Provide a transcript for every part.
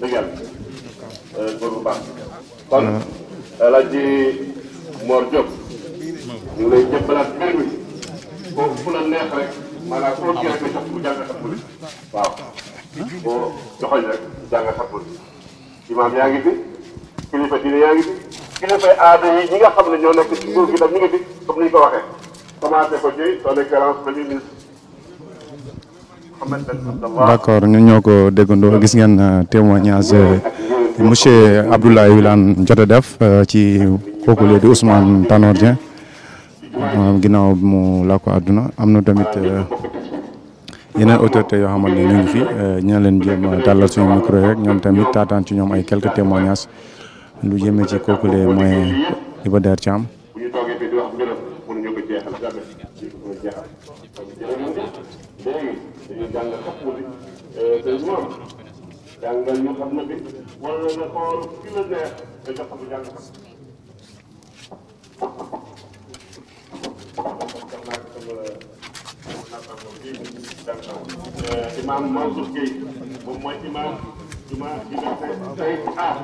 dëgg yàlla góor bu baax kon El Hadj Mor Diop ñu ngi lay jëmbalaat mbir mi foofu fu la neex rek maanaam koo kii rek nga yaa ngi fi kilifa diine yi ñi nga xam ne ñoo nekk ci nguur gi tam ñu ngi fi comme ni ñu ko waxee commencé ko ci son excellence premier ministre d' accord ñun ñoo ko déggandoo gis ngeen euh, témoignage euh, monsieur Abdoulaye Wilane jot a def euh, ci kooku di Ousmane Tanor Dieng ginnaaw mu laa adduna am na tamit yeneen autorité yoo xamante ne ñu ngi fi ñina leen jéem tàllal suñu micro ñoom tamit taataan ci ñoom ay quelques témoignages lu jëmee ci kooku mooy Iba Der jàng xappu bi euh, tey mu am jàngal ñu xam na bi wala nga xool ki la neex nga jox ko bu jàng xapp euh, imam Mansour Gueye moom mooy imam juma liberté tey ah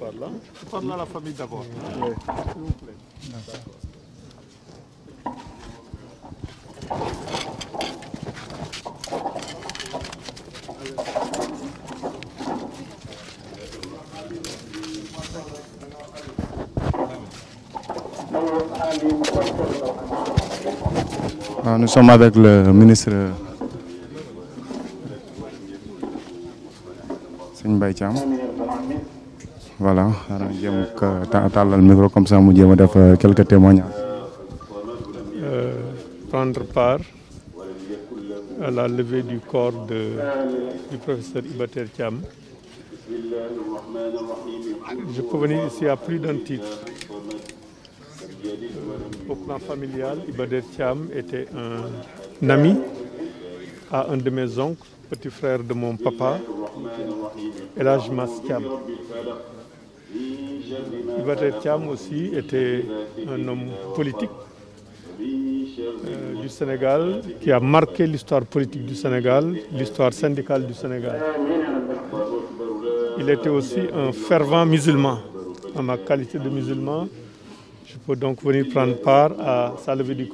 parle à la famille d'abord s'il vous plaît Ah, nous sommes avec le ministre Serigne Mbaye Thiam voilà xanaa jéem a tàllal micro comme ça mu jéem def euh, quelques témoignages. Euh, prendre part à levée du corps du professeur Iba Ter Thiam. Je peux plus d'un titre. Au plan familial, Ibader Thiam était un ami à un de mes oncles, petit frère de mon papa, Elhaj Mass Thiam. Ibader Thiam aussi était un homme politique euh, du Sénégal qui a marqué l'histoire politique du Sénégal, l'histoire syndicale du Sénégal. Il était aussi un fervent musulman. En ma qualité de musulman, Je peux donc venir prendre à sa levée du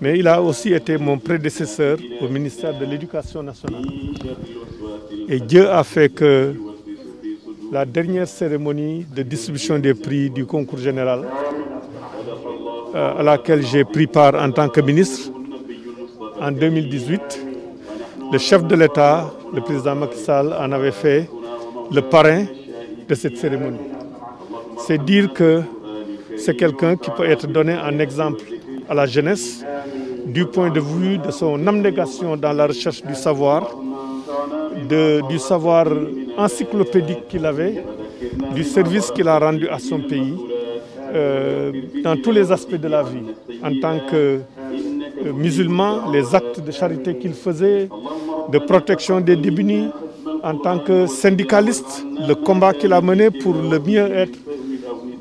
Mais il a aussi été mon prédécesseur au ministère de l'Éducation nationale. Et Dieu a fait que la dernière cérémonie de distribution des prix du concours général euh, à laquelle j'ai pris part en tant que ministre en 2018, le chef de l'État, le président Macky Sall, en avait fait le parrain de cette cérémonie. C'est dire que c'est quelqu'un qui peut être donné en exemple à la jeunesse du point de vue de son abnégation dans la recherche du savoir, de, du savoir encyclopédique qu'il avait, du service qu'il a rendu à son pays, euh, dans tous les aspects de la vie. En tant que euh, musulman, les actes de charité qu'il faisait, de protection des démunis, en tant que syndicaliste, le combat qu'il a mené pour le mieux-être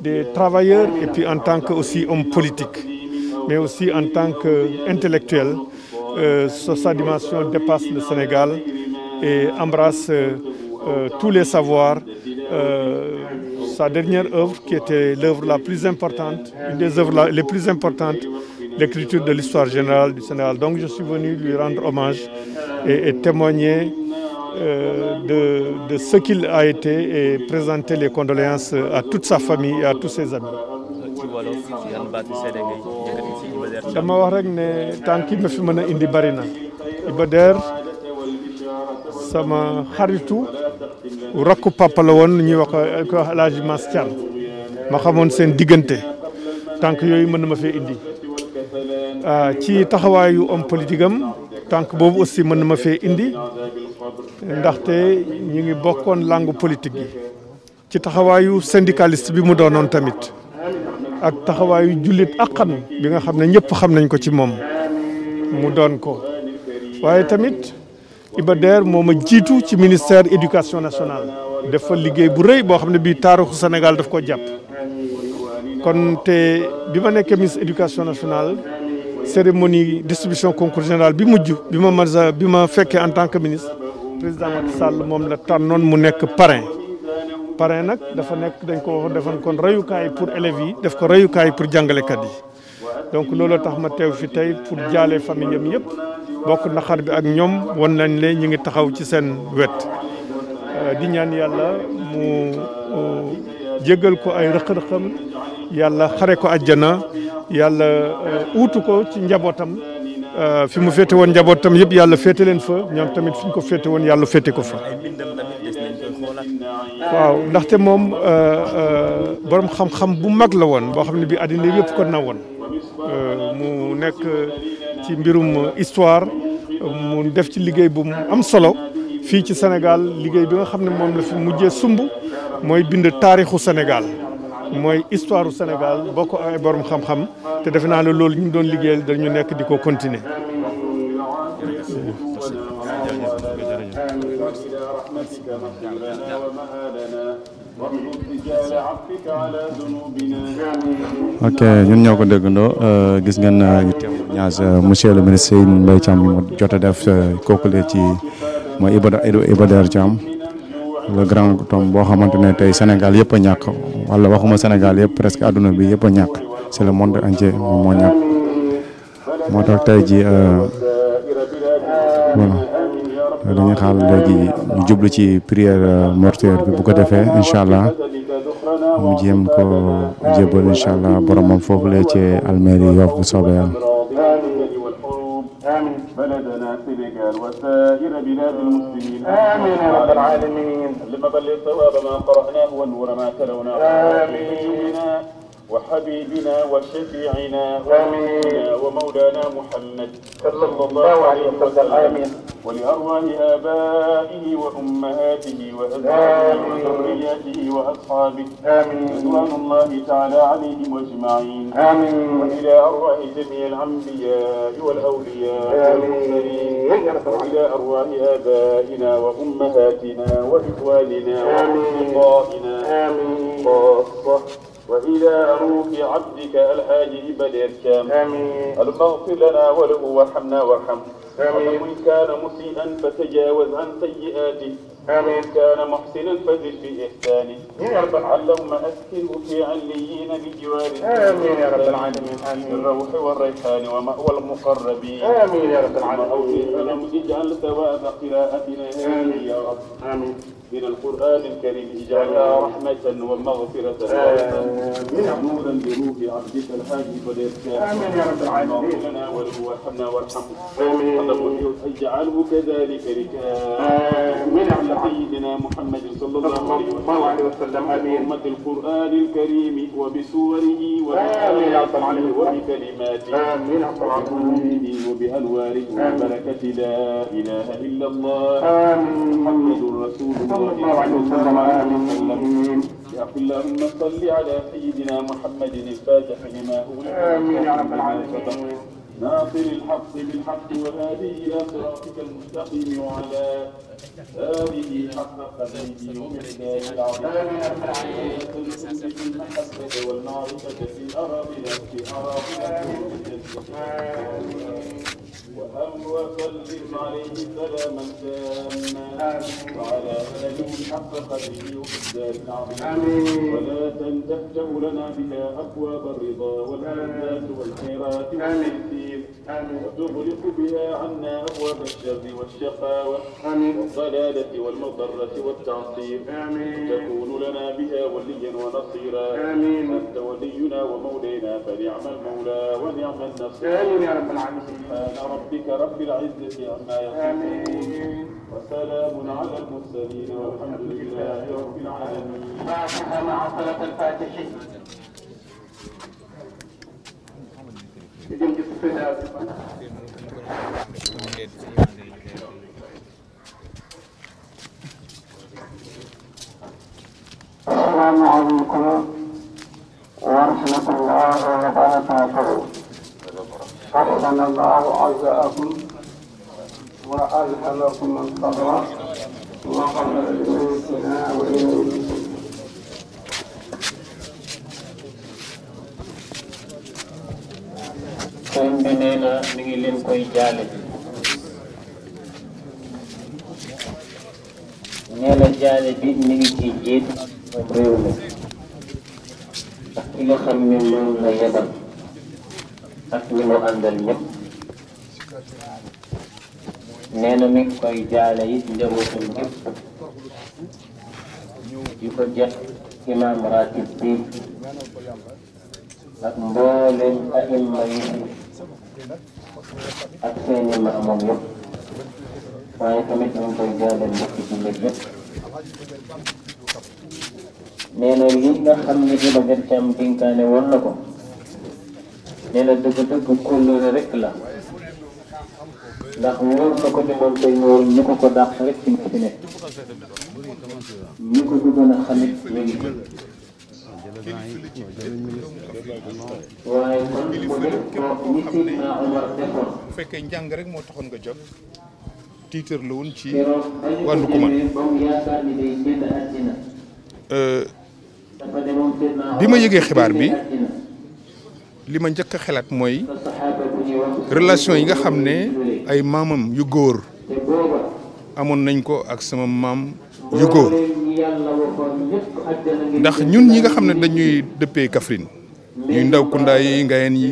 des travailleurs et en tant que aussi homme politique, mais aussi en tant qu'intellectuel. Euh, sa dimension dépasse le Sénégal et embrasse euh, euh tous les savoirs. Euh, sa dernière œuvre, qui était l'œuvre la plus importante, une des œuvres les plus importantes, l'écriture de l'histoire générale du Sénégal. Donc je suis venu lui rendre hommage et, et témoigner Euh, de, de, ce présenter les à toute sa famille et à dama wax rek ne tànk yi ma fi mën a indi bari na Iba Der sama xaritu rakku papa la woon ñuy wax ko El Hadj Mas Thiam ma xamoon seen diggante tànk yooyu mën na ma fee indi ah, ci taxawaayu homme politique am tànk boobu aussi mën na ma fee indi ndaxte ñu ngi bokkoon langu politique yi ci taxawaayu syndicaliste bi mu doonoon tamit ak taxawaayu jullit àqan bi nga xam ne ñëpp xam nañ ko ci moom mu doon ko waaye tamit Iba Der moo ma jiitu ci ministère éducation nationale def fa liggéey bu rëy boo xam ne bii taarixu Sénégal def ko jàpp kon te bi ma nekkee ministre éducation nationale cérémonie distribution concours général bi mujj bi ma marsa bi ma fekkee en tant que ministre président Macky Sall moom la tànnoon mu nekk parrain parrain nag dafa nekk dañ ko defoon kon rayukaay pour élèves yi def ko rayukaay pour jàngalekat yi donc looloo tax ma teew fi tey pour jaale famille am yëpp bokk naxar bi ak ñoom won nañ leen ñu ngi taxaw ci seen wet euh, di ñaan yàlla mu jéggal ko ay rëq-rëqam yàlla xare ko àjjana yàlla euh, uutu ko ci njabootam Euh, fi mu féete woon njaboot tam yëpp yàlla féete leen fa ñoom tamit fi ñu ko féete woon yàlla fete ko fa waaw ndaxte moom euh, euh, borom xam-xam bu mag la woon boo xam ne bi àddina yëpp ko na woon mu nekk ci mbirum histoire mu def ci liggéey bu am solo fii ci senegal liggéey bi nga xam ne moom la fi mujjee sumb mooy bind taarixu senegal mooy histoire u Sénégal bokk ay borom xam-xam te defe naa ne loolu ñu doon liggéey dañu nekk di ko continuer. ok ñun ñoo ko déggandoo euh, gis ngeen euh, témoignage euh, monsieur le ministre Mbaye Thiam mu jot a def kooku ci mooy Iba Der Thiam. le grand tome boo xamante ne tey Sénégal yëpp a ñàkk wala waxuma Sénégal yëpp presque àdduna bi yëpp a ñàkk c'est le monde entier moom moo ñàkk moo tax tey ji euh, voilà dañuy xaar léegi ñu jublu ci prière euh, mortuaire bi bu ko defee incha allah mu jéem ko jébal incha allah boromam foofu lee ci almeeri Yoff bu soobee yàlla السنغال وسائر بلاد المسلمين آمين يا رب العالمين اللهم بلغ ثواب ما قرأناه ونور ما تلوناه آمين وحبيبنا وشفيعنا وامين ومولانا محمد صلى الله عليه وسلم امين ولارواح ابائه وامهاته وازواجه وذرياته واصحابه امين رضوان الله تعالى عليهم اجمعين امين والى ارواح جميع الانبياء والاولياء والمرسلين والى ارواح ابائنا وامهاتنا واخواننا واصدقائنا خاصه وإلى روح عبدك الحاج بدر الشام آمين اللهم اغفر لنا وله وارحمنا وارحمه آمين ومن كان مسيئا فتجاوز عن سيئاته آمين كان محسنا فزد بإحسانه يا رب اللهم أسكنه في عليين بجوارك آمين يا رب العالمين آمين الروح والريحان ومأوى المقربين آمين يا رب العالمين أوفي اجعل ثواب قراءتنا آمين يا رب آمين من القرآن الكريم اجعلها رحمة ومغفرة ونورا بروح عبدك الحاج بدر آمين يا رب العالمين لنا وارحمنا وارحمه آمين اجعله كذلك آمين على سيدنا محمد صلى الله عليه وسلم آمين بحرمة القرآن الكريم وبسوره وبآله وبكلماته آمين وبحمده وبأنواره وبركة لا إله إلا الله محمد رسول الله صلى الله عليه وسلم آمين اللهم صل على سيدنا محمد الفاتح لما أغلق آمين يا رب العالمين ناصر الحق بالحق وهذه إلى صراطك المستقيم وعلى آله حق قدره ومقداره العظيم المحبة والمعرفة في أراضنا في أراضنا في الجنة وهو وسلم عليه سلاما تاما وعلى اله حق قدره وقدار العظيم ولا تنته لنا بها ابواب الرضا والعزات والخيرات والتيسير وتغلق بها عنا ابواب الشر والشقاوه والضلاله والمضره والتعصيب تكون لنا بها وليا ونصيرا امين انت ولينا ومولينا فنعم المولى ونعم النصير امين يا رب العالمين ربك رب العزة عما يصفون وسلام على المرسلين والحمد لله رب العالمين. فاتحة مع صلاة الفاتحين. السلام عليكم ورحمة الله وبركاته حسن الله عزاءكم وألهمكم الصبر وقبل الموتنا وإليه sëriñ bi nee na mi ngi leen koy jaale nee na jaale bi mi ngi jiit réew mi ndax ki nga xam ne moom la ak ñi mu àndal ñëpp nee na mi koy jaale it njabootam gépp di ko jeex imaam ratib bi ak mbooleem ahimma yi ak seeni maamam yëpp waaye tamit mi koy jaale mbokk jullit yëpp nee na nga xam ne dina gën cam dénkaane woon na ko nee na dëgg ko ni moom tey ñu ko ko dàq rek ci nga fi nekk ñu ko gën a xamit bu fekkee njàng rek moo taxoon nga jóg tiitër la woon ci wàllu kuma euh, bi ma yëgee xibaar bi li ma njëkk a xalaat mooy relation yi nga xam ne ay maamam yu góor amoon nañ ko ak sama maam yu góor ndax ñun ñi nga xam ne dañuy dëppee Kaffrine ñuy ndaw kundaa yi ngayeen yi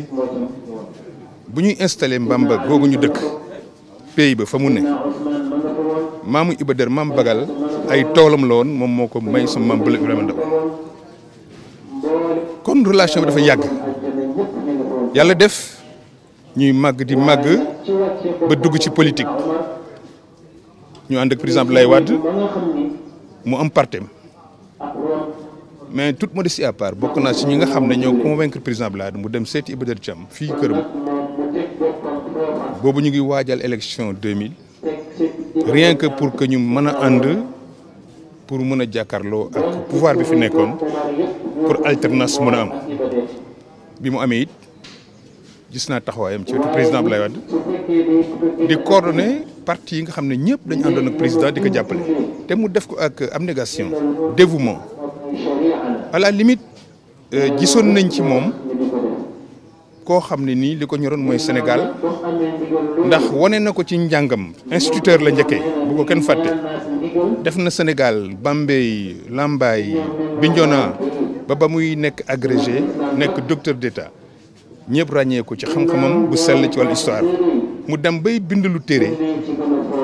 bu ñuy installé Mbamba googu ñu dëkk pays ba fa mu ne maamu Iba Der maam Bagal ay toolam la woon moom moo ko may sama maam Bala Ibrahima Ndaw kon relation bi dafa yàgg yàlla def ñuy màgg di màgg ba dugg ci politique ñu ànd ak président Abdoulaye Wade mu am partem mais toute modestie à part bokk naa si ñi nga xam ne ñoo convaincre président Abdoulaye mu dem seeti Iba Der Thiam fii këram boobu ñu ngi waajal élection 2000 rien que pour que ñu mën a ànd pour mën a jàkkaarloo ak pouvoir bi fi nekkoon pour alternance mën a am bi mu amee it gis naa taxawaayam ci wetu président Abdoulaye Wade yi nga xam ne ñëpp dañu àndoon ak président di ko jàppale. te mu def ko ak abnégation dévouement à la limite euh, gisoon nañ ci moom koo xam ne nii li ko ñoroon mooy Sénégal ndax wane na ko ci njàngam instituteur la njëkkee bu ko kenn fàtte def na Sénégal Bambey Lambaye Bignona ba ba muy nekk agrégé nekk docteur d'état ñëpp ràññeeku ci xam-xamam bu sell ci wàllu histoire mu dem bay bind lu téere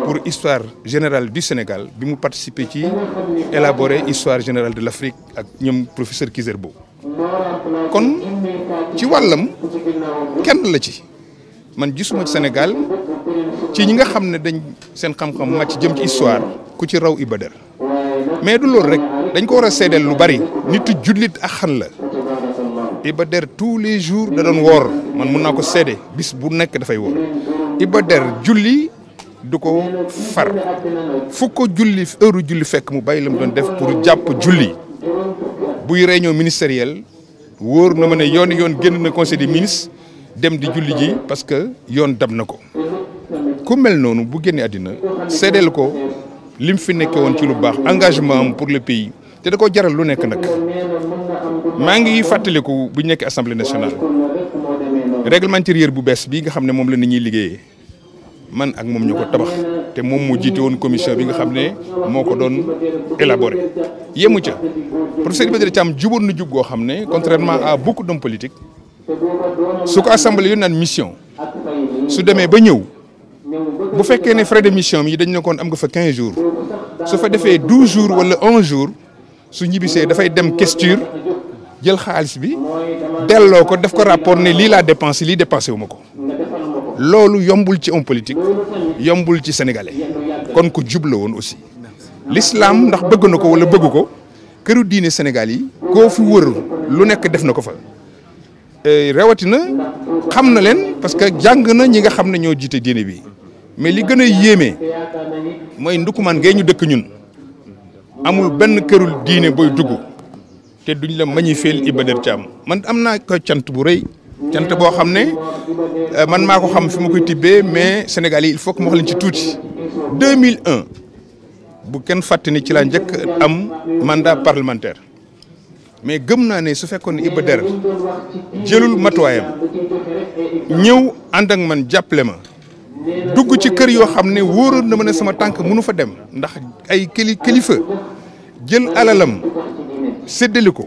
pour histoire générale du Sénégal bi mu participer ci élaborer histoire générale de l'Afrique ak ñoom professeur Kizerbo kon ci wàllam kenn la ci man gisuma ci Sénégal ci ñi nga xam ne dañ seen xam-xam màcc jëm ci histoire ku ci raw Iba Der mais du loolu rek dañ ko war a seedeel lu bari nitu jullit ak xan la Iba Der tous les jours da doon woor man mun naa ko seede bis bu nekk dafay woor Iba Der julli du ko far fu ko julli heure julli fekk mu bàyyi la mu doon def pour jàpp julli buy réunion ministérielle wóor na ma ne yoon yoon génn na conseil des ministres dem di julli ji parce que yoon dab na ko ku mel noonu bu génnee àddina seedeel ko li mu fi nekkee woon ci lu baax engagement am pour le pays te da ko jaral lu nekk nag maa ngi fàttaliku bu ñu nekk assemblée nationale règlement intérieur bu bees bii nga xam ne moom la nit ñuy liggéeyee man ak moom ñu ko tabax te moom moo jiite woon commission bi nga xam ne moo ko doon élaboré yemu ca professeur Iba Der Thiam juboon na jub goo xam ne contrairement à beaucoup d'hommes politiques su ko assemblée yoon naan mission su demee ba ñëw bu fekkee ne frais de mission yi dañ ne koon am nga fa 15 jours su fa defee 12 jours wala 11 jours su ñibbisee dafay dem questure jël xaalis bi delloo ko def ko rapport ne lii laa dépense lii dépensé wu ko loolu yombul ci homme politique yombul ci sénégalais kon ku jub woon aussi lislaam ndax bëgg na ko wala bëgg ko këru diine Sénégal yi koo fi wër lu nekk def na ko fa e, rawatina xam na leen parce que jàng na ñi nga xam ne ñoo jiite diine bi mais li gën a yéeme mooy ndukumaan ngay ñu dëkk ñun amul benn këru diine booy dugg te duñ la magnifier Iba Der Thiam man am naa ko cant bu rëy cant boo xam ne euh, man maa ko xam fi ma koy tibbee mais Sénégal il faut moo ma wax ci tuuti 2001 bu kenn fàtte ni ci la njëkk am mandat parlementaire mais gëm naa ne su fekkoon ne Iba Der jëlul matuwaayam ñëw ànd ak man jàppale ma dugg ci kër yoo xam ne wóoroon na ma ne sama tànk mënu fa dem ndax ay kili kilifa jël alalam séddale ko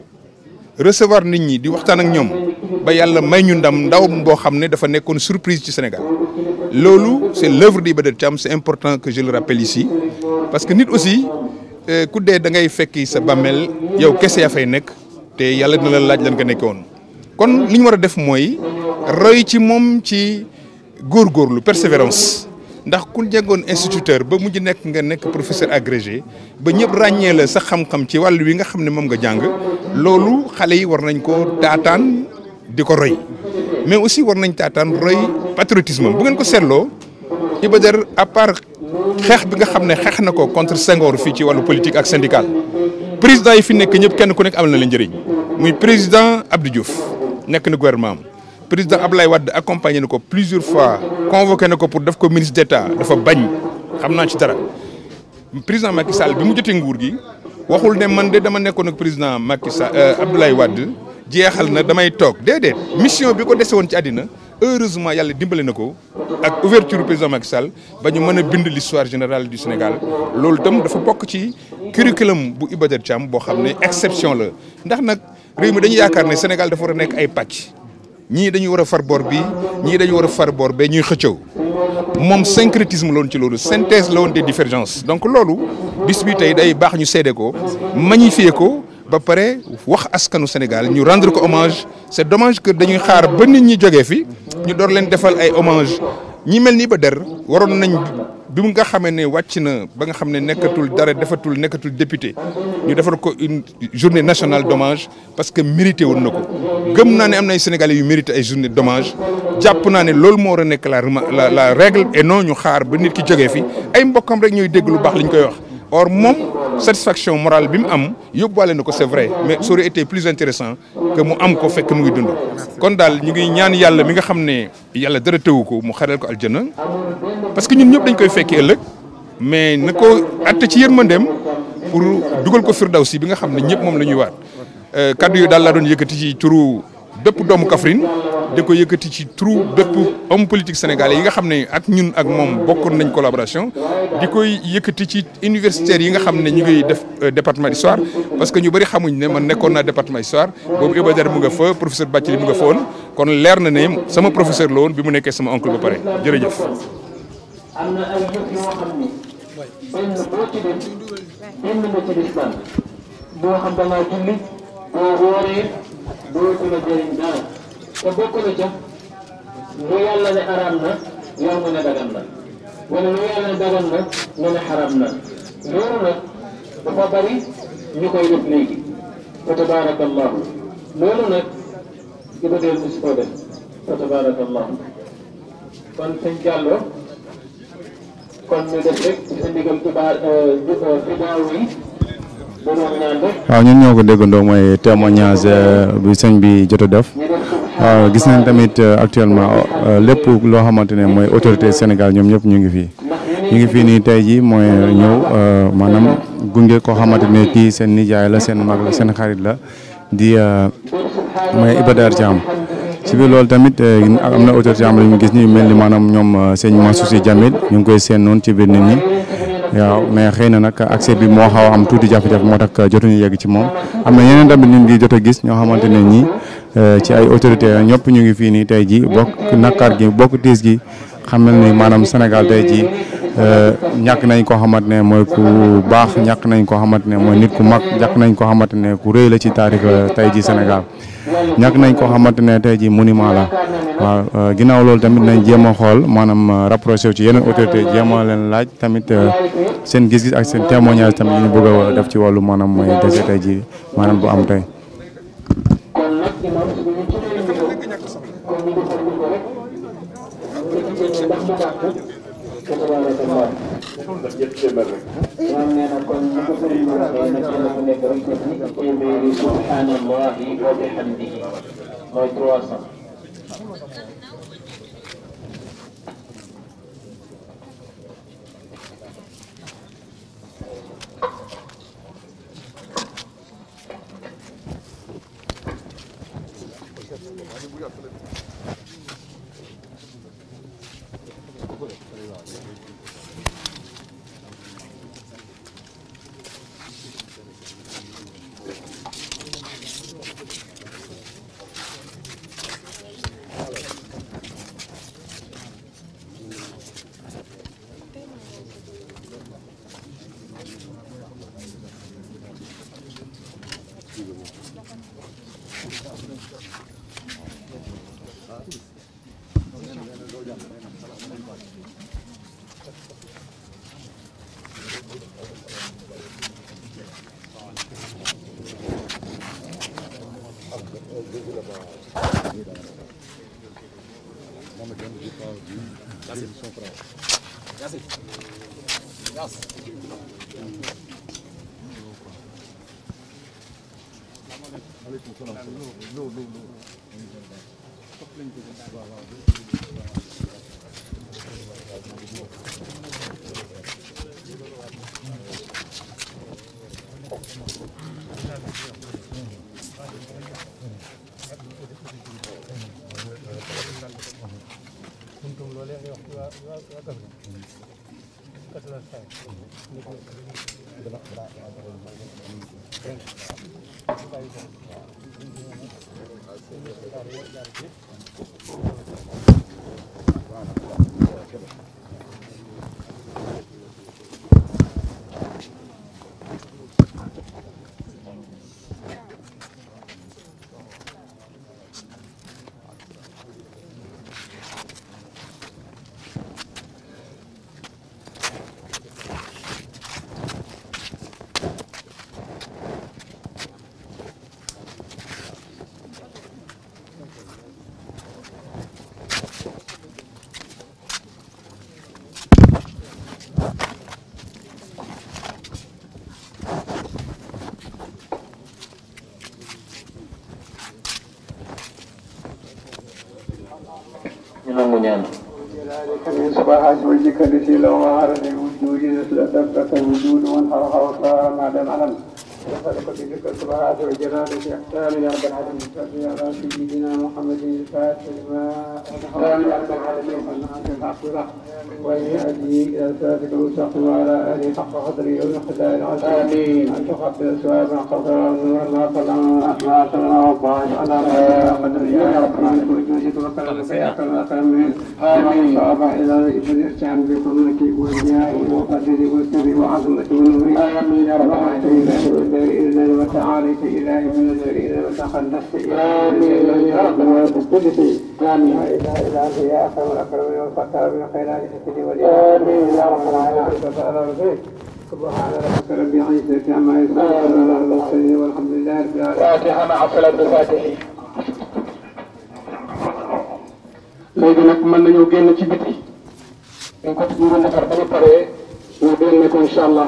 recevoir nit ñi di waxtaan ak ñoom ba yàlla may ñu ndam ndaw boo xam ne dafa nekkoon surprise ci Sénégal loolu c'est l'œuvre de Der Thiam c'est important que je le rappelle ici parce que nit aussi euh, ku dee da ngay fekki sa bàmmeel yow kese yaa fay nekk te yàlla dina la laaj leen ka nekke woon kon li ñu war a def mooy roy ci moom ci góor góorgóorlu persévérance ndax ku jeggoon instituteur ba mujj nekk nga nekk professeur agrégé ba ñëpp ràññee la sa xam-xam ci wàll wi nga xam ne moom nga jàng loolu xale yi war nañ ko taataan di ko roy mais aussi war nañ taataan roy patriotisme bu ngeen ko seetloo Iba Der à part xeex bi nga xam ne xeex na ko contre Senghor fii ci wàllu politique ak syndical président yi fi nekk ñëpp kenn ku nekk amal na la njëriñ muy président Abdou Diouf nekk na gouvernement am président Ablaye Wade accompagné na ko plusieurs fois convoqué na ko pour def ko ministre d'État dafa bañ xam naa ci dara président Macky Sall bi mu jotee nguur gi waxul ne man de dama nekkoon ak président Macky Sall euh, Abdoulaye Wade jeexal na damay toog déedéet mission bi ko dese ci àddina heureusement yàlla dimbale na ko ak ouverture président Macky Sall ba ñu mën a bind l'histoire général du Sénégal loolu itam dafa bokk ci curriculum bu Iba Der Thiam boo xam ne exception la ndax nag réew yaakaar ne Sénégal dafa war a nekk ay pàcc. ñii dañuy war a far boor bii ñii dañu war a far boor bee ñuy xëccëw moom syncrétisme loolu ci loolu synthèse la woon des divergences donc loolu bis bi tey day baax ñu seede ko magnifier ko ba pare wax askanu Sénégal ñu rendre ko hommage c'est dommage que dañuy xaar ba nit ñi jógee fi ñu door leen defal ay hommage ñi mel ni ba der waroon nañ bi nga xamee ne wàcc na ba nga xam ne nekkatul dara defatul nekkatul député ñu defar ko une journée nationale d'hommage parce que mérité woon na ko gëm naa ne am na ay yu mérité ay journée d'hommage jàpp naa ne loolu moo war a nekk la la la règle ñu xaar ba nit ki jógee fi ay mbokkam rek ñooy dégg baax li ñu koy wax. or moom satisfaction morale bi mu am yóbbuwaale na ko c'est vrai mais ça aurait été plus intéressant que mu am ko fekk mu ngi dund kon daal ñu ngi ñaan yàlla mi nga xam ne yàlla dara tëwu ko mu xaral ko aljana parce que ñun ñëpp dañ koy fekki ëllëg mais na ko atte ci yërmandeem pour dugal ko firdawsi bi nga xam ne ñëpp moom la ñuy waat euh, kaddu yu daal laa doon yëkkati ci turu bépp doomu Kaffrine di ko yëkkati ci trou bépp homme politique sénégalais yi nga xam ne ak ñun ak moom bokkoon nañ collaboration di koy yëkkati ci universitaire yi nga xam ne ñu ngi def département d'histoire parce que ñu bëri xamuñ ne ma nekkoon naa département d'histoire boobu Iba Dar mu nga foo professeur Bathily mu nga fa kon leer na ne sama professeur la bi mu nekkee sama oncle ba pare jërëjëf. am na dootu la jëriñ dara te bokk na ca lu ne araam na yow nga ne dagan na wala lu yàlla ne dagan na nga ne na loolu nag dafa bari ñu koy def léegi fa tabaraka loolu nag di ba dee musu ko def fa tabaraka allahu kon sëñ Diallo kon ñu sa ndigal xibaar waaw ñun ñoo ko déggandoo mooy témoignage euh, bi sëñ bi jot a def euh, gis nañ tamit euh, actuellement lépp loo xamante ne mooy autorité Sénégal ñoom ñëpp ñu ngi fii ñu ngi fii nii tey jii mooy ñëw maanaam gunge koo xamante ne kii seen nijaay la seen mag la seen xarit la di mooy Iba Der Thiam ci biir loolu tamit am na autorité am la ñu gis ñu mel ni maanaam ñoom sëñ su si Djamil ñu ngi koy seen noon ci biir nit ñi waaw mais xëy na nag accès bi moo xaw a am tuuti jafe-jafe moo tax jotuñu yegg ci moom am na yeneen tamit ñu ngi jot a gis ñoo xamante ne ñii euh, ci ay autorité ñëpp ñu ngi fii nii tey jii bokk nakkaar gi bokk tiis gi xam nañ ni maanaam Sénégal tey jii euh, ñàkk nañ koo xamante ne mooy ku baax ñàkk nañ koo xamante ne mooy nit ku mag ñàkk nañ koo xamante ne ku rëy la ci taarix euh, tey jii Sénégal ñàkk nañ koo xamante ne tey ji monument la waaw euh, ginnaaw loolu tamit nañ jéem xool maanaam euh, rapproché ci yeneen autorité jéem a leen laaj tamit euh, seen gis-gis ak seen témoignage tamit yu bëgg a def ci wàllu maanaam mooy dese tey ji maanaam bu am tey ñett téeméer rek. moom nee na kon ñi ko sëriñ bi waxee na kenn ku nekk rek def ñi téeméeri subhanallahi wa bihamdihi mooy trois cent. Thank you. Thank you. ñu nangu ñaan كمن صباحات وجهك التي لو ظهر في وجودي نسل دبة وجود من حرها وصار ما دام علم وخلق بذكر البراءة والجلالة إحسان يا رب العالمين صل على سيدنا محمد الفاتح لما أظهر يا رب العالمين أنعمت الحق له ويهدي إلى صراطك المستقيم وعلى آله حق قدره ومقدار العظيم أن تقبل ثوابا قدرا وما صلى ما صلى الله على قدر يا رب العالمين وجهد وكرم فيا كرم وكرم آمين صواب إلى الإحسان بقدرك والجاه والقدر والسر وعظمته آمين يا رب العالمين النذر إذا وتعاليت إلهي من النذر إذا وتقدست إلهي يا رب العالمين كل شيء آمين لا إله إلا أنت يا أكرم الأكرمين والفتار من خيرات ستي ولي آمين يا رب العالمين أنت فعل ربك سبحان ربك رب العزة عما يصفون والحمد لله رب العالمين فاتحة مع صلاة الفاتحين léegi nag mën nañoo génn ci biti. dañ ko tudd defar ba ñu paree. ñu génne ko incha allah.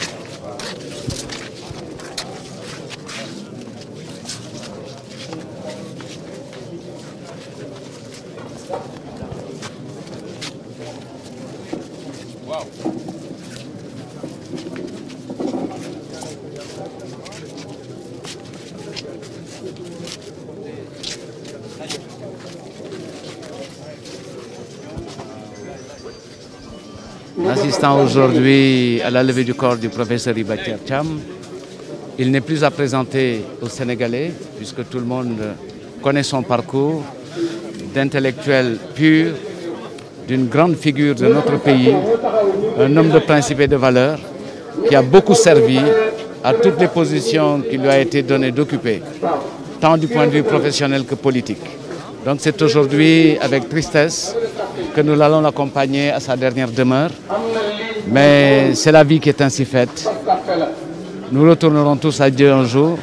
assistant aujourd'hui à la levée du corps du professeur Iba Thier Il n'est plus à présenter aux Sénégalais, puisque tout le monde connaît son parcours d'intellectuel pur, d'une grande figure de notre pays, un homme de principes de valeurs qui a beaucoup servi à toutes les positions qui lui a été donné d'occuper, tant du point de vue professionnel que politique. Donc c'est aujourd'hui avec tristesse que nous l'allons l'accompagner à sa dernière demeure. Mais c'est la vie qui est ainsi faite. Nous retournerons tous à Dieu un jour.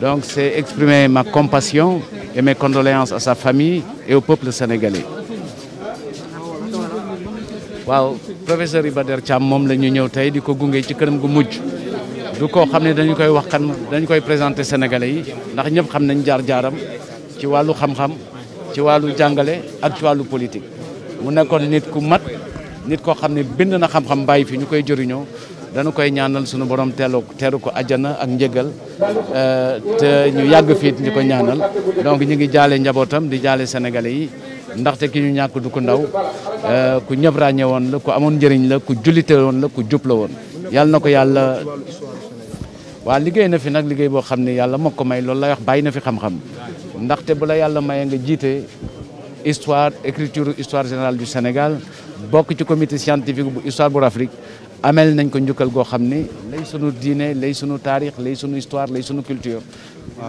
Donc c'est exprimer ma compassion et mes condoléances à sa famille et au peuple sénégalais. waaw professeur Iba Der Thiam moom la ñu ñëw tey di ko gunge ci këram gu mujj du ko xam ne dañu koy wax kan dañu koy présenter sénégalais yi ndax ñëpp xam nañ jaar-jaaram ci wàllu xam-xam ci wàllu jàngale ak ci wàllu politique mu nekkoon nit ku mat nit koo xam ne bind na xam-xam bàyyi fi ñu koy jariñoo dañu koy ñaanal suñu borom teelu teeru ko àjjana ak njegal euh, te ñu yàgg fiit ñu ko ñaanal donc ñu ngi jaale njabootam di jaale sénégalais yi ndaxte ki ñu ñàkk du ko ndaw euh, ku ñëpp ràññee woon la ku amoon njëriñ la ku jullite woon la ku jub la woon yàlla na ko yàlla waa liggéey na fi nag liggéey boo xam ne yàlla moo ko may loolu lay wax bàyyi na fi xam-xam ndaxte bu la yàlla mayee nga jiite histoire écriture bokk ci comité scientifique bu histoire bu Afrique amel nañ ko njukkal goo xam ni lay sunu diine lay sunu taarix lay sunu histoire lay suñu culture.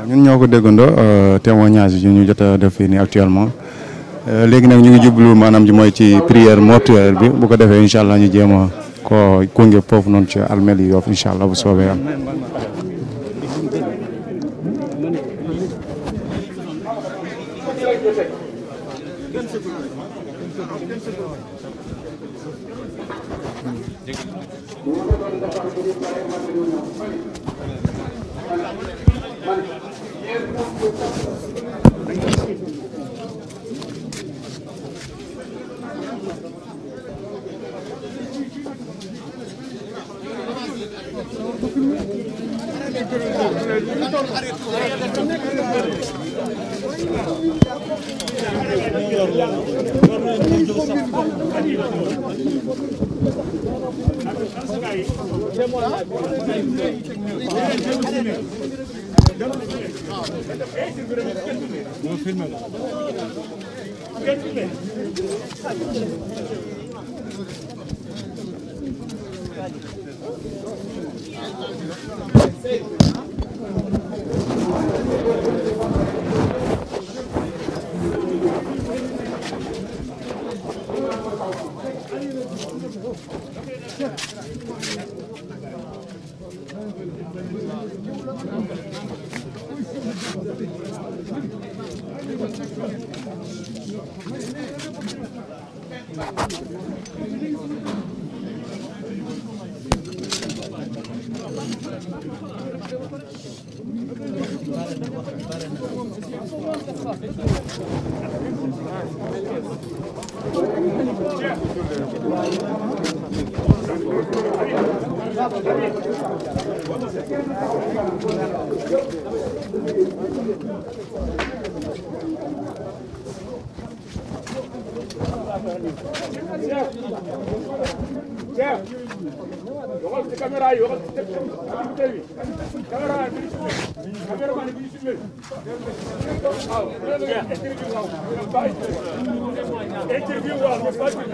ñun ñoo ko déggandoo euh, témoignage ju ñu jot def fii nii actuellement euh, léegi nag ñu ngi jublu maanaam ji mooy ci prière mortuaire bi bu ko defee incha allah ñu jéem ko koo gunge foofu noonu ci almel yi yoof incha allah bu soobee am Bunu filme. Thank you. Interview waaw ma fàcc bi.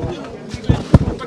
Thank you.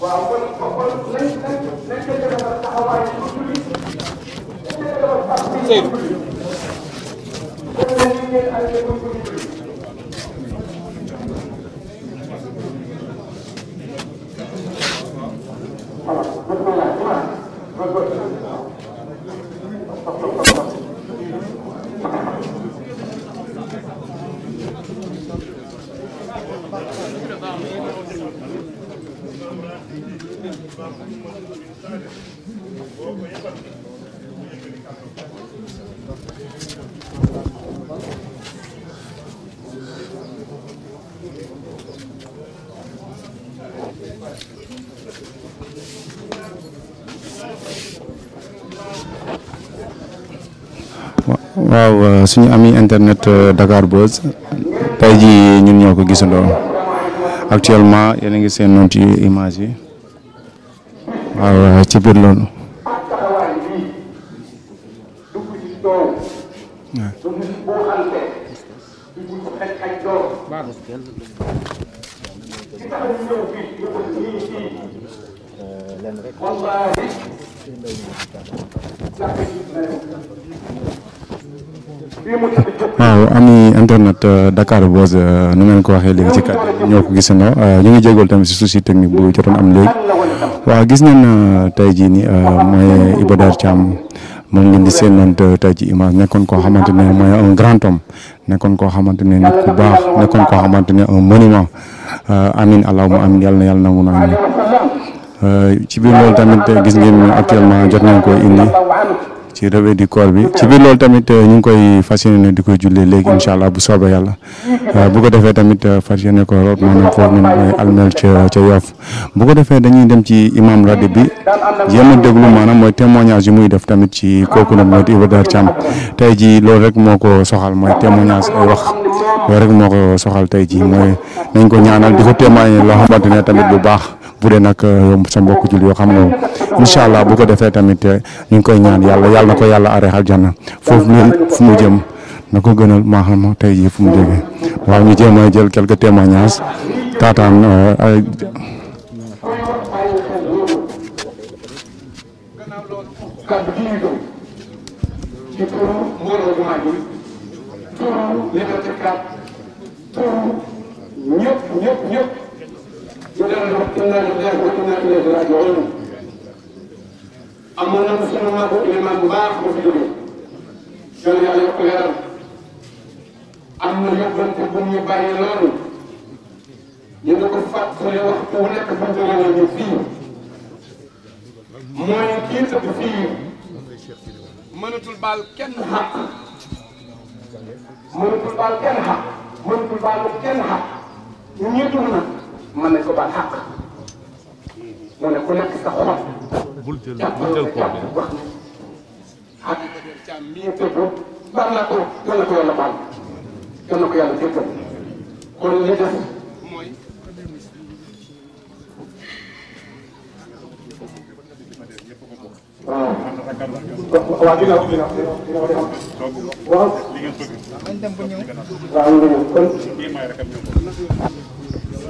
waaw kon kon nañ nañ nañ ko defal taxawaay yi pour ñu nañ ko defal taxawaay yi. Seydou. waaw euh, suñu ami internet euh, Dakar Buzz tey jii ñun ñoo ko gisandoo actuellement yéen a ngi seen noonu ci image yi. waaw ci biir loolu. waaw ami internet euh, Dakar Buzz euh, nu ngeen ko waxee léegi ci kàddu ñoo ko gisandoo euh, ñu ngi jégalu tamit si souci technique bu jotoon am léegi. waaw gis nañ euh, tey jii nii euh, uh-huh. mooy Iba Der Thiam moom ngeen di séenante euh, tey ci image nekkoon koo xamante ne mooy un grand homme nekkoon koo xamante ne nit ku baax nekkoon koo xamante ne un monument amin allahuma amin yàlla na yàlla na mun ci biir loolu tamit gis ngeen actuellement jot nañ ko indi ci revers du corps bi ci biir loolu tamit euh, ñu ngi koy fas yéene di ko jullee léegi incha allah bu soobee yàlla euh, bu ko defee tamit euh, fas yéene ko root maanaam foofu ñu mooy almel ca Yoff bu ko defee dañuy dem ci imam Radib bi jéem a déglu maanaam mooy témoignage yi muy def tamit ci kooku nag mooy Iba Der Thiam tey jii loolu rek moo ko soxal mooy témoignage ay wax loolu ko soxal tey jii mooy nañ ko ñaanal di ko témoigner loo xamante ne tamit bu baax. bu dee nag euh, yow mbokk jul yoo xam ne incha allah bu ko defee tamit euh, ñu ngi koy ñaan yàlla yàlla na ko yàlla aree aljanna foofu mu fu mu jëm na ko gënal maa xam tey jii fu mu jógee waaw ñu jéem jël quelques témoignages taataan euh, ay. inna lillahi wa inna ilayhi raji'un amoon nañu sunu mag imaam bu baax bu fi jógee yàlla yàlla yokk leeram am na yóbbante bu ñu bàyyi loolu ñu ngi ko fàttali waxtu wu nekk fa jóge nañu fii mooy kii tëdd fii mënatul baal kenn xaq mënatul baal kenn xaq mënatul baal kenn xaq ñu ñitul na mën nañ ko baal xàq mu ne ku nekk sa xol. bul jël bul jël ko bi ak lii tëdd baal naa ko yal na ko yàlla baal yal na ko yàlla jëkkal kon li def mooy waaw waaw ginnaaw ginnaaw ginnaaw waaw waaw waaw kon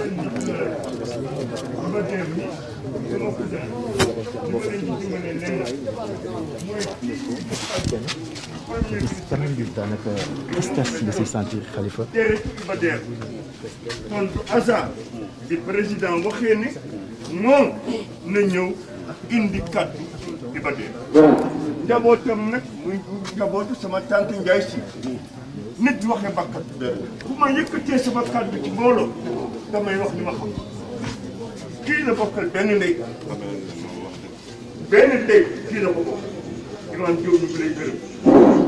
ba tey bi sama cousin mu leen di dimbale lenn mooy kii semaine bi daanaka ba deer tontu Assane di président waxee ne moom na ñëw di ba deer njabootam nag muy njabootu sama tante Ndiaye si nit waxee bakkat bu ma yëkkatee sama kaddu ci mbooloo nga may wax li ma xam kii la bokkal benn ndey benn ndey kii la ko bokk imaam Diop ñu ngi lay gërëm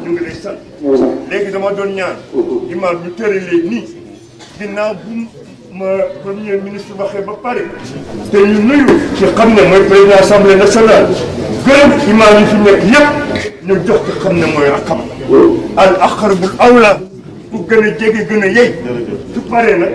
ñu ngi lay sant léegi dama doon ñaan imaam ñu tëre léegi nii ginnaaw bu ma premier ministre waxee ba pare te ñu nuyu ci xam ne mooy président assemblée nationale gërëm imaam yi fi nekk yëpp ñu jox ci xam ne mooy akam al aqrabul awla ku gën a jege gën a yey su paree nag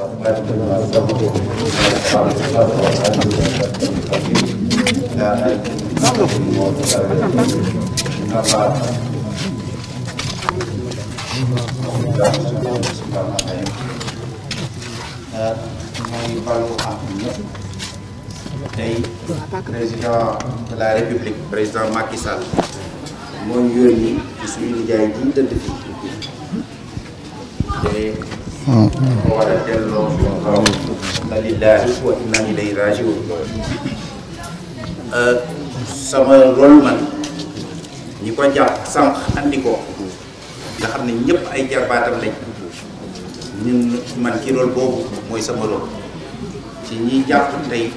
mooy balu ak ñëpp tey président de la république président Macky Sall mooy yooyu ci suñu nijaay ji tëdd fii te moo war a delloo suñu borom inna sama rôle man ñi ko jàpp sànq andi ko nga xam ne ñëpp ay jarbaatam lañ ñun man ki rôle boobu mooy sama rôle ci ñiy jàpp tey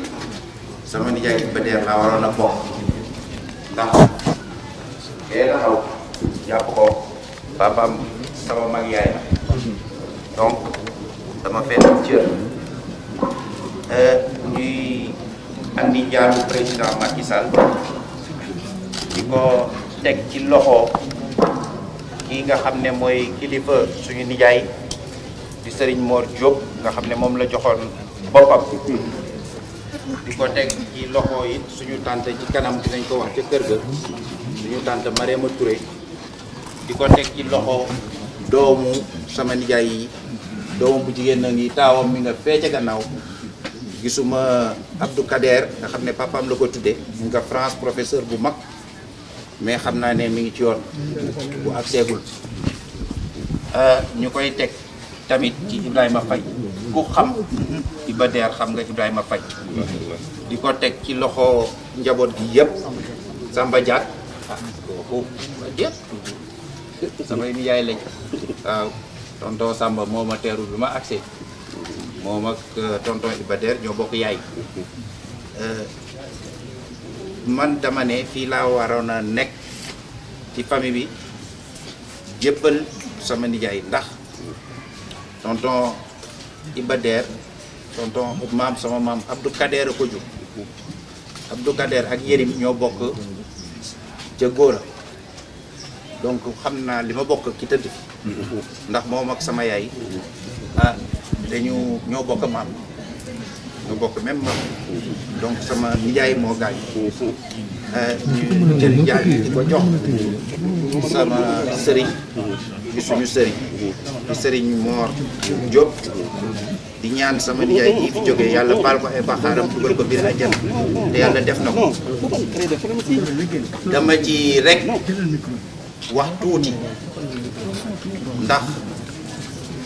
sama nijaay ba deer laa a bokk ndax kee taxaw jàpp ko papaam sama mag yaay la donc dama fees ak cër ñuy andi jaaru président Macky Sall di ko teg ci loxo kii nga xam ne mooy kilifa suñu nijaay di Serigne Mor Diop nga xam ne moom la joxoon boppam di ko teg ci loxo it suñu tante ci kanam dinañ ko wax ca kër ga suñu tante Mariama Touré di ko teg ci loxo doomu sama nijaay yi doomu bu jigéen na ngi taawam mi nga fee ca gannaaw gisuma Abdou Kader nga xam ne papaam la ko tuddee mu nga France professeur bu mag mais xam naa ne mi ngi ci yoon bu ak seegul euh, ñu koy teg tamit ci Ibrahima Faye ku xam Iba Der xam nga Ibrahima Faye di ko teg ci loxo njaboot gi yëpp Samba Diak ah, samay nijaay lañ waaw tonton Samba moo ma teeru bi ma agsee moom ak euh, tonton Ibader ñoo bokk yaay euh, man dama ne fii laa waroon a nekk ci famille bi jébbal sama nijaay ndax tonton Ibader tonton maam sama maam Abdou Kader a ko jur Abdou Kader ak Yérim ñoo bokk ca góor donc xam naa li ma bokk ki tëdd ndax moom ak sama yaay ah dañu ñoo bokk maam ñoo bokk même maam donc sama nijaay moo gaañ ah, ñu jël jaay di ko jox sama sëriñ di suñu sëriñ di sëriñ Moor Jóob di ñaan sama nijaay ji fi jógee yàlla baal ko ay baxaaram dugal ko biir àjjana te yàlla def na ko dama ci rek wax tuuti ndax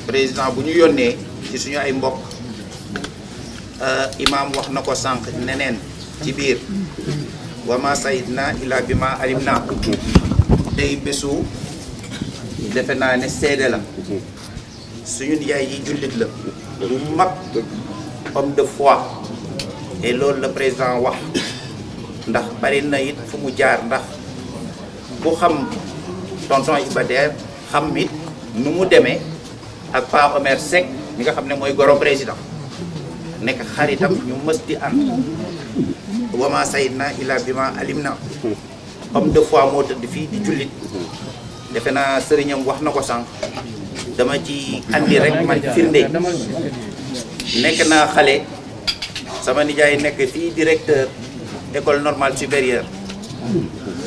président bu ñu yónnee ci suñu ay mbokk euh, imaam wax na ko sànq neneen ci biir wa ma naa na ila bi ma alim na tey bésu defe naa ne seede la suñu yaay yi jullit la bu mag homme de foi et loolu la président wax ndax bari na fu mu jaar ndax bu xam tonton Iba Der xam it nu mu demee ak Pa Omer Seck mi nga xam ne mooy goro président nekk xaritam ñu mës di ànd wama na ila bi ma alim na homme de foi moo tëdd fii di jullit defe naa sëriñam wax na ko sànq dama ci andi rek ma man firnde nekk naa xale sama nijaay nekk fii directeur école normale supérieure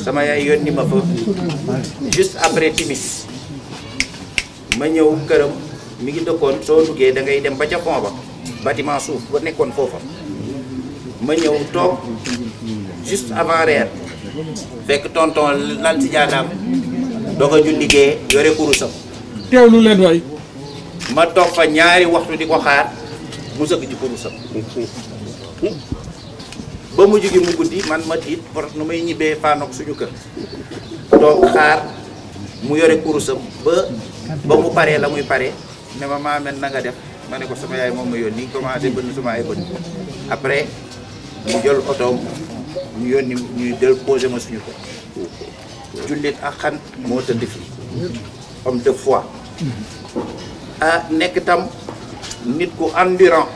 sama yaay yónni ma fa juste après timis ma ñëw këram mi ngi dëkkoon soo luggee da ngay dem ba ca pont ba bâtiment ba nekkoon foofa ma ñëw toog juste avant reer fekk tonton lal si jaadaam doog a julli gee yore kurusam teewlu leen waay ma toog fa ñaari waxtu di ko xaar mu sëgg ci kurusam ba mu jógi mu guddi man ma tiit boros nu may ñibbee faanook suñu kër toog xaar mu yore kurusam ba ba mu paree la muy pare ne ma maamel na def ma ne ko sama yaay moom ma yónni commencé bënn sama ay bët après mu jël otoom ñu yónni ñu del posé ma suñu kër jullit ak xan moo tëdd fii ah nekk nit ku endurant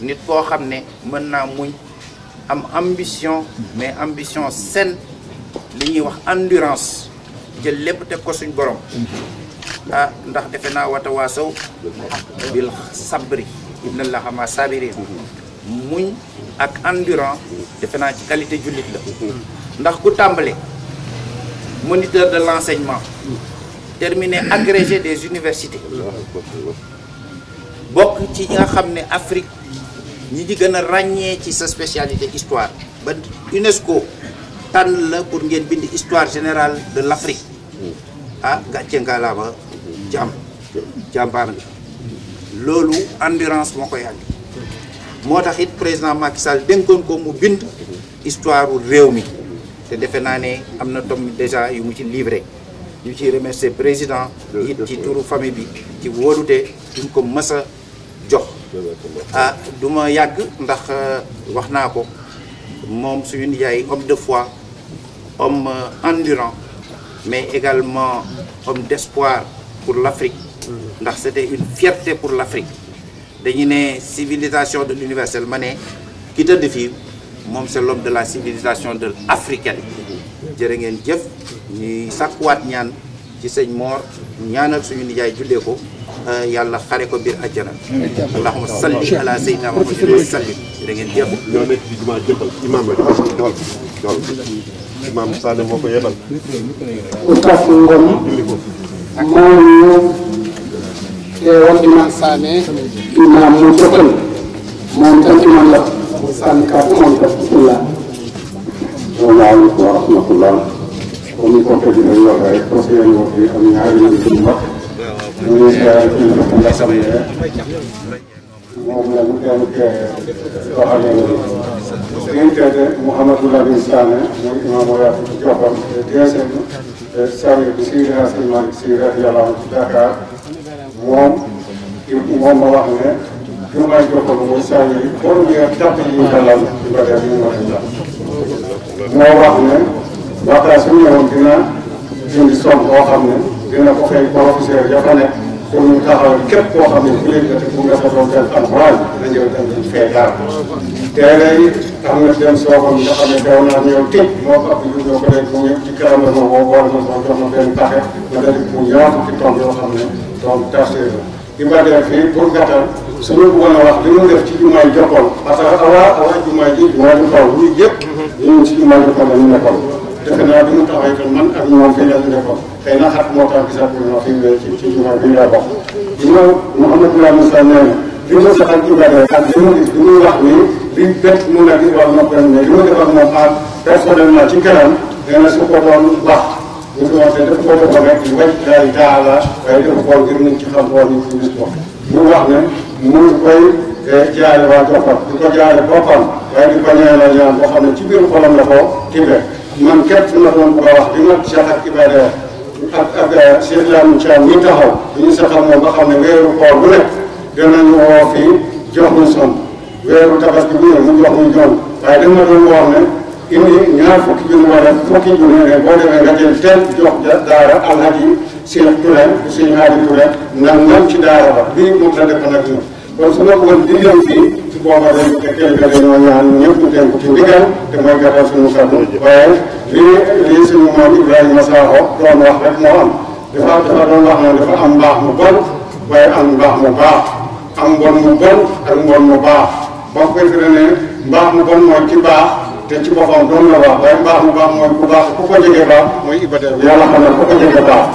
nit koo xam ne mën naa muñ am ambition mais ambition saine li ñuy wax endurance jël lépp teg ko suñ borom ah, ndax defe naa wata waasaw bil sabri inna allaha ma sabirin muñ ak endurance defe naa ci qualité jullit la ndax ku tàmbale moniteur de l'enseignement terminé agrégé des universités bokk ci ñi nga xam ne Afrique ñi di gën ràññee ci sa spécialité histoire ba UNESCO tànn la pour ngeen bind histoire générale de l'Afrique ah gàcce ngalaama jàmm jàmbaar nga loolu endurance moo koy andi moo tax it président Macky Sall ko mu bind histoire réew mi te defe naa ne am na tom déjà yu mu ci livré ñu ciy remercier président it ci turu famille bi ci wóolute duñ ko mës jox ah ma yàgg ndax euh, wax naa ko moom suñu nijaay homme de fois homme euh, endurant mais également homme d'espoir pour l'Afrique mm. ndax c'était une fierté pour l'Afrique dañu ne civilisation de l'universel ma ne ki tëdd fii moom c'est de la civilisation de africaine jërë ngeen jëf ñuy sàkkuwaat ñaan ci sëñ Mor ñaanal suñu nijaay jullee ko Euh, yàlla xare ko biir àjjana allahumma salli ala sayyidina muhammadin wa sallim da ngeen jëf ñoo nekk ci jumaa jëppal imam la dool dool imam moo ko yebal oustaz Ngom moo ñëw teewal imam mu dëkkal moom tam imam la sànni kàddu moom tam bismillah salaamaaleykum wa rahmatullah ministère bi ñu la sama yéen moom la ñu doon doxalee ngeen teete Mouhamadou Lamine Sané mooy imam wa yaatu Jokalante deuxième service bi si renseignement bi si rajo Dakar moom moom ma wax ne li may jokkal mooy service bi première date yi ñu dalal di ko def ñu moo wax ne waxtaan su ñëwoon dina indi somme boo xam ne. dina ko fekk ba officier ya fa nekk pour ñu taxaw képp koo xam ne bu leen jotee bu nga defoon seen alxuraan dina ñëw dem di fee dara. teere yi am na seen soogam nga xam ne daw naa ñëw tëj moo ko ñu ñoo ko léegi mu ñëw ci këram la ma woo boole ma soo jox ma benn paxe ma def mu yaatu ci tool yoo xam ne tool tasiir la. li ma def fii pour gàttal su ma bëggoon a wax li mu def ci jumaay jokkoon parce que avant avant jumaay ji jumaay ji taw yëpp ñu ngi ci jumaay jokkoon la ñu nekkoon. defe naa bi mu taxawee itam man ak moom fii la ñu defoon xëy na xat moo tax gisaat bi ma fi ci ci jumaa bi laa bokk. jumaa Mouhamadou Moussa nee na li ma saxal ci bàyyi ak li mu li muy wax nii li bett mu ne li wax noppam ne li ma def ak moom ak personnellement ci kanam nee na su ko doon wax ñu commencé def ko ko rek lu wécc daal daa la waaye dafa xool ngir nañ ci xam xool ñu ci gis bopp mu wax ne mu koy eh, jaale waa boppam du ko jaale boppam waaye di ko ñaanal ñaan boo xam ne ci biir xolam la ko tibee man képp la doon ko wax li ma Cheikh ak Ibrahima ak ak euh, Cheikh Lamine Thiam mi taxaw dañu saxal moom nga xam ne weeru koor bu nekk danañu woo fii jox ñu son weeru tabaski bu ñëw mu jox ñu joon waaye dama doon wax ne indi ñaar fukki junni wala fukki junni ne boo demee nga jël teel jox daara alhaji Cheikh Touré Cheikh Hadi Touré nag ñoom ci daara ba bii moom la def nag ñun kon su ma ko woon di ñëw ci booba dañ ko kenn ka dañoo ñaan ñëpp ñu tegu ci ndigal te mooy gàttal suñu kàddu waaye li li suñu moom Ibrahima Sakho doon wax rek moo am dafa dafa doon wax ne dafa am mbaax mu bon waaye am mbaax mu baax am mbon mu bon ak mbon mu baax boo ko gis ne mbaax mu bon mooy ci baax te ci boppam doon na baax waaye mbaax mu baax mooy ku baax ku ko jege baax mooy Ibadan yàlla xam ne ku ko jege baax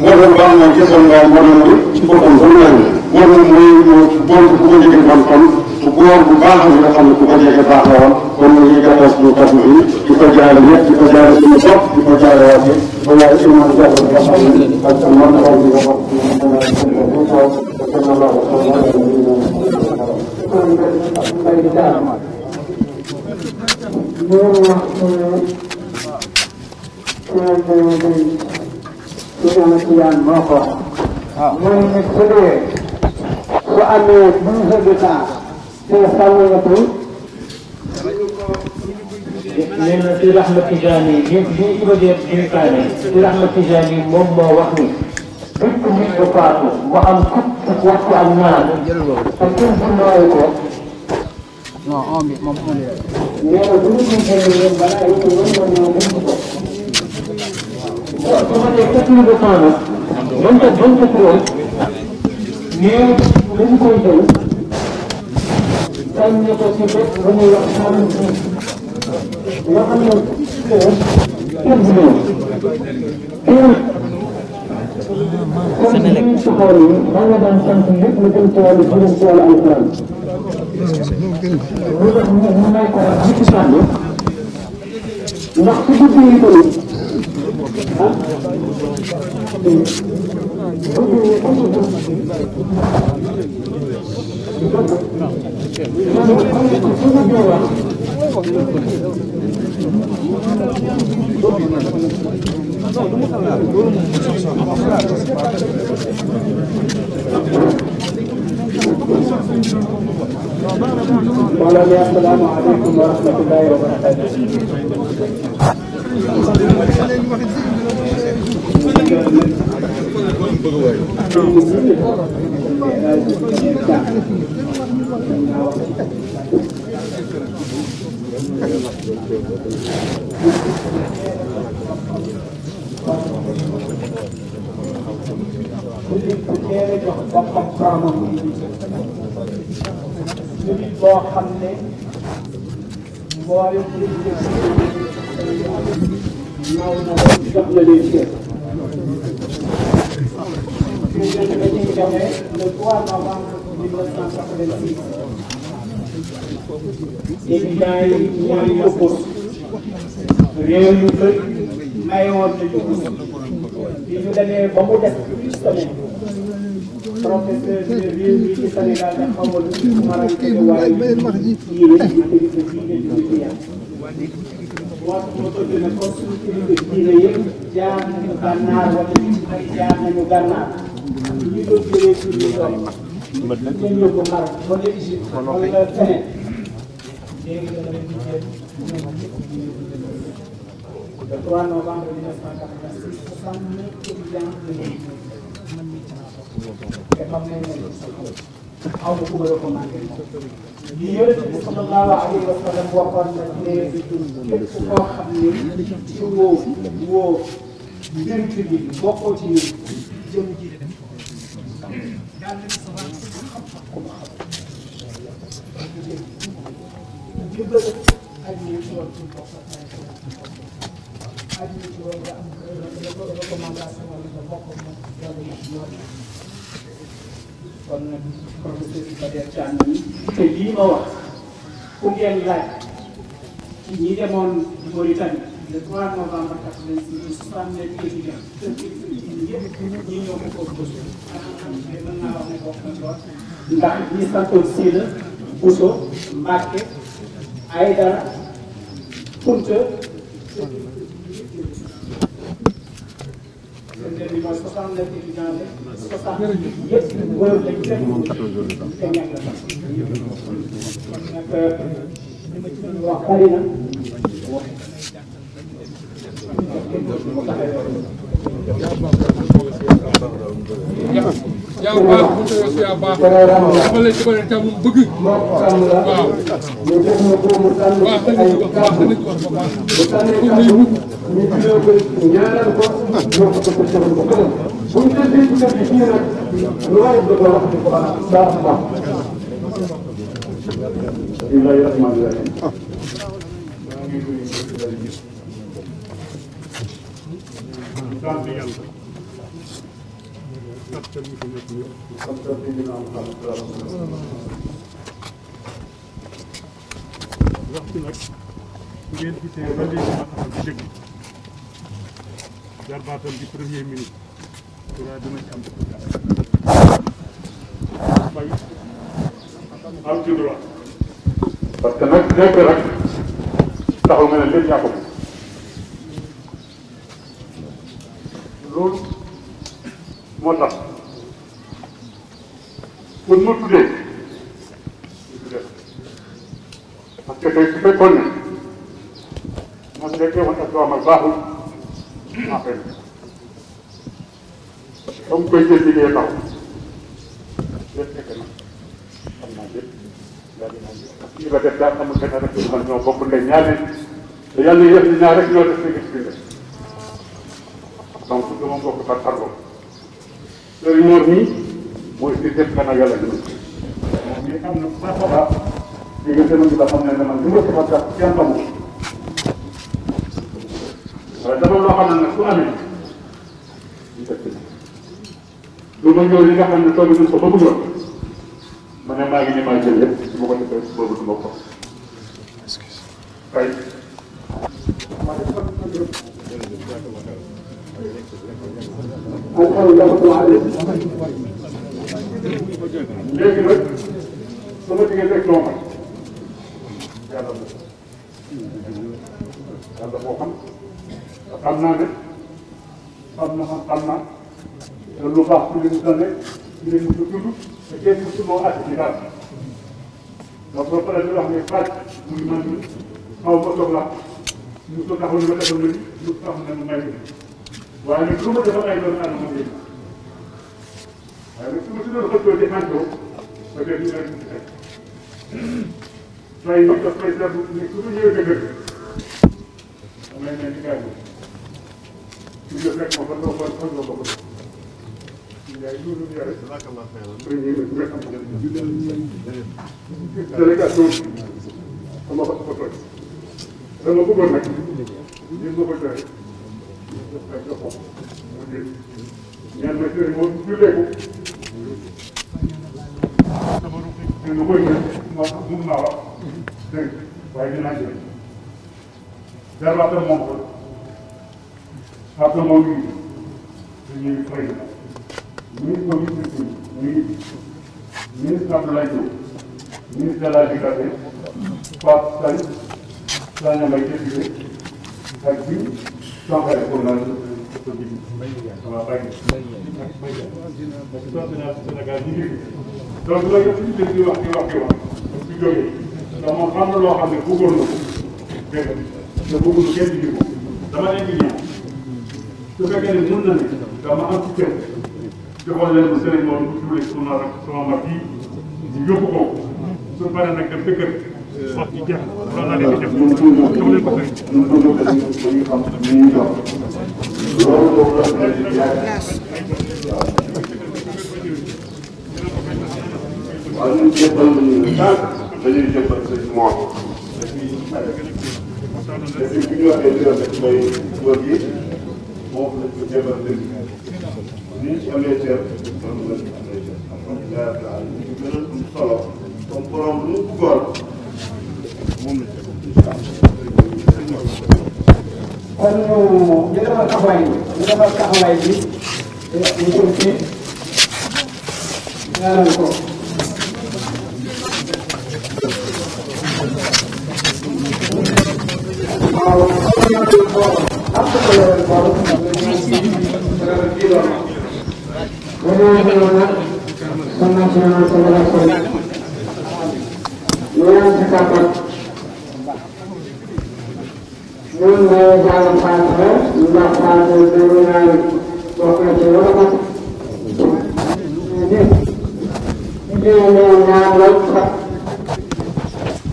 mbon mu baax mooy ci bon waaye mbon mu ci boppam doon nañu war na mooy góor bu ko jege bon kon su góor bu baax bi nga xam ne bu ko jege baax la woon kon ñu ngi gàttal suñu kàddu bi di ko jaale ñëpp di ko jaale suñu bopp di ko jaale waa bi di ko jaale suñu bopp di ko xam ne ak sa mën a di ko xam moo ko. waaw mooy ne bu amee douze heures de temps te sàmmatu nee na si Ahmed Tidiane yi bi bi Iba Der dénkaane si Ahmed Tidiane yi moom moo wax ni bépp nit bu faatu mu am fukki waxtu ak ñaar te kenn du nooy ko non on bi moom on bi nee na bu ñu jëlee yéen ba tey te mën na ñëw mën ko waaw su ma nee quatre mille deux cent nag mën nga mën nga ñoom dañu koy jël tànn ko ci bët ba muy wax xam nga xam ne kenn du ñëw kenn kon ñun ci xool yi maa ngi daan sant ñëpp lu jëm ci wàllu jëm ci wàllu alquran lu tax ñu may ko wax ci sànni ndax ci guddi yi tamit مولانا السلام عليكم ورحمة الله وبركاته boo xam ne naaw na jox na leen cër. président bi dañuy demee le 3 novembre 1986. étudiants yi ñooy yokku réew yu bëri mayoon nañu bi ñu demee ba mu def plus semaine professeur de réew mi ci Sénégal da xamoon lu ci mara waaye yéen yéen a ngi ko jiite woote autorité ne comme suñu kilifa diine yëpp jaar nañu gànnaar wala ñu ci bëri jaar nañu gànnaar ñu doon jëlee suñu doom ñu yóbbu Maroc wala Égypte wala feneen léegi da leen di jël ñoom ñëpp ñu le 3 novembre 1986 69 étudiants te xam nañ ne aw ma ku ma recommandé li yonent bi sallallahu alayhi wa sallam waxoon na ne képp koo xam ne ci woo woo mbir bi bokkoo ci ñun jëm ji daal di sa wax xam-xam ku ma xam ñu bëgg ak ñu ci woon ci bokk ak ñu ci woon nga am recommandation wala nga bokk moom loolu ñoo kon nag professeur Ibadan Thiam te lii ma wax ku ngeen laaj ci ñi demoon le 3 novembre 86 69 étudiants yëpp ñi ñoo ko composé mën naa wax ne bokk na ko ndax ñi santoon Sylla Bousso Mbacke Aydara diggante bi mooy 69 étudiants la 60 yëpp góor lañ leen te ñàkk la sax kon nag li ma ci doon wax bari na wax. yaa baax mu ngi koy yaa baax dafa lay jëmale tam lu mu bëgg waaw waaw baax na nit wax baax na nit wax ba baax comme ni mu. bismillaahi rahmaani rahiim sant yàlla. sant bi ñu fi nekk ñëpp. sant bi ñu naan wax bi nag ngeen gisee ba léegi ma taxaw ci dëgg jarbaatam di premier ministre. dina dina ci am. bay am ci droit. parce que nag nekk rek taxul nga ne lépp ñàkk loolu moo tax kon mu tuddee parce que tey su fekkoon ne man de teewoon ak doomam baaxul maa koy comme koy jël liggéey taw lépp fekk na xam naa lépp daal di naan parce que li ma def daal amul benn rek man ñoo bokk ndey ñaar te yàlla yëf ñaar rek ñoo def bokk par par bopp loolu ñoom ñii mooy di def gannaaw yàlla dina ci. mais am na bu baax a baax li nga gën a dugg xam ne ne man li nga defar sax kenn xamul waaye dafa loo xam ne nag su amee ñu fekk lu ma ñëw li nga xam ne tool bi ko ba bëggoon ma ne maa ngi ni maa jël yëpp su ma ko defee boobu du ma ko fay. léegi nag sama diggante ak doomam yàlla yàlla boo xam xam naa ne xam na xam naa te lu baax ku leen tane ku leen ko tudd te kenn ku moo àtt ci dara donc ba pare ñu wax ne fàcc muy man xaw ma soxla ñu ko taxaw ñu ma defal ma ñu ko taxaw ne ma may waaye nag lu ma defal ay doomu aadama moom lañ waaye nag su ma si doon xëccoo di xàncoo ba tey ñu ne rek ñu ngi teg fay bi daf koy def ni su ma ñëwee dëgg damay mel ni gaañ bi su ñu fekk ma fan nga ko fan nga ko bëgg yaay loolu ñu yore premier bi nga xam ne délégation sama ko ko toj dama bëggoon nag ñu ma ko joxe ñaan ma sëriñ moo julleeku sama ruq yi nga koy wax mun naa wax dégg waaye dinaa jël dara waxta moom ko waxta moom yi dañuy fay na ministre ba ministre bi ñu ngi ministre Abdoulaye Diop ministre de la Dicapé Pape Sall Sall Mbaye Diop ak bi Çankaya konularını tutabildim. Ama ben donc loolu yëpp ñu jël di wax di wax di wax di jógee ndax moom xam na loo xam ne bëggoon na ko dégg nga te bëggul kenn di ko dama leen di ñaan su su paree nag dem wax ji jeex na loolu laa leen di def jox leen ko sëriñ bi. waaw ñu kon ñu ñu defal taxawaay bi ñu defal taxawaay bi ñu jëm ci ñaanal ko. waaw xam naa ne moom am na solo la moom ñu ngi ci loolu. ba ñu waxee woon nag kon naa ci ñaanal ko balaa sori. ñu ngi ci kàttan. ñoom ñooy jàll Fatou ndax Fatou déglu naa ne bokk na ci wala bokk. su dee nee naa lool sax.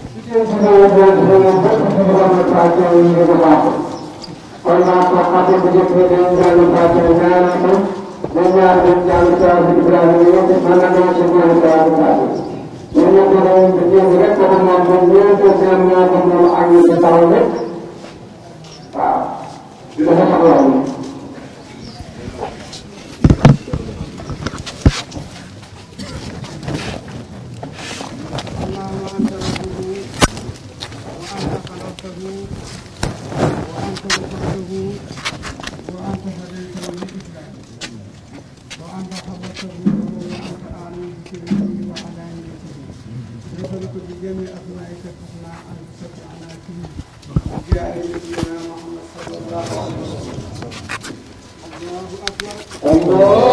su dee si sama bopp sama bopp sama bopp Fatou yi ñu ko baax. kon naa ko xamante bu njëkk bi dañu jàll Fatou ñaar ko ba ñaar dañu jàll Fatou Ibrahima yëpp mën na doon ci jàll Fatou Fatou. ñooñu ko doon rek ko moom ñoom ñoo ko seen ñoo ko moom ak ñu ci taw rek. li ma ko xam waxoon Oh.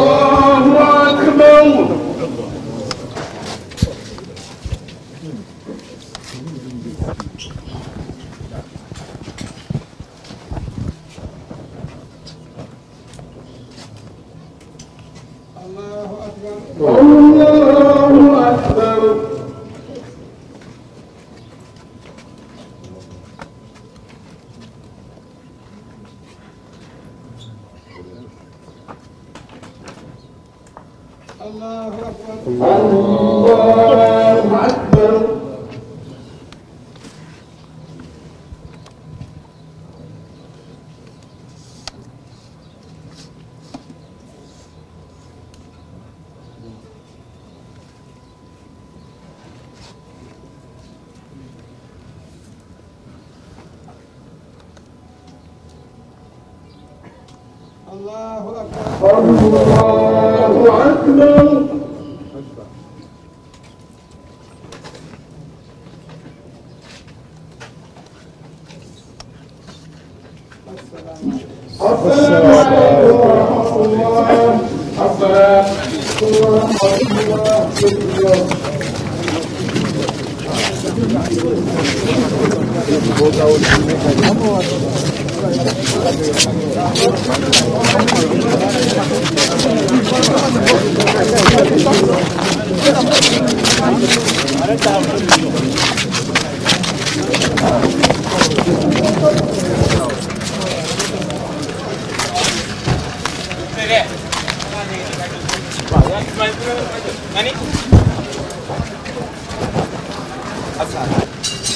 Absage.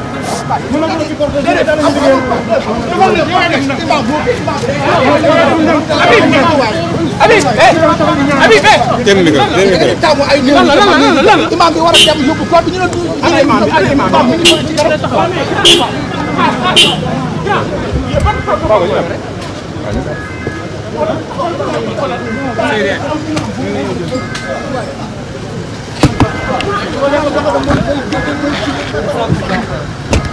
Habib Habib dem bi ko dem bi ko taw ay ñëw lan lan lan imam bi war a dem yóbbu ko bi ñu la du imam bi imam bi ñu ci dara taxaw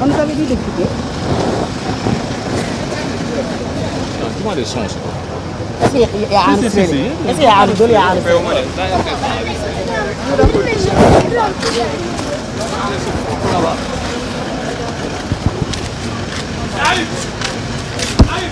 Comme vous avez dit de quitter. Comment les sons يا عم سيدي يا عم دول يا عم سيدي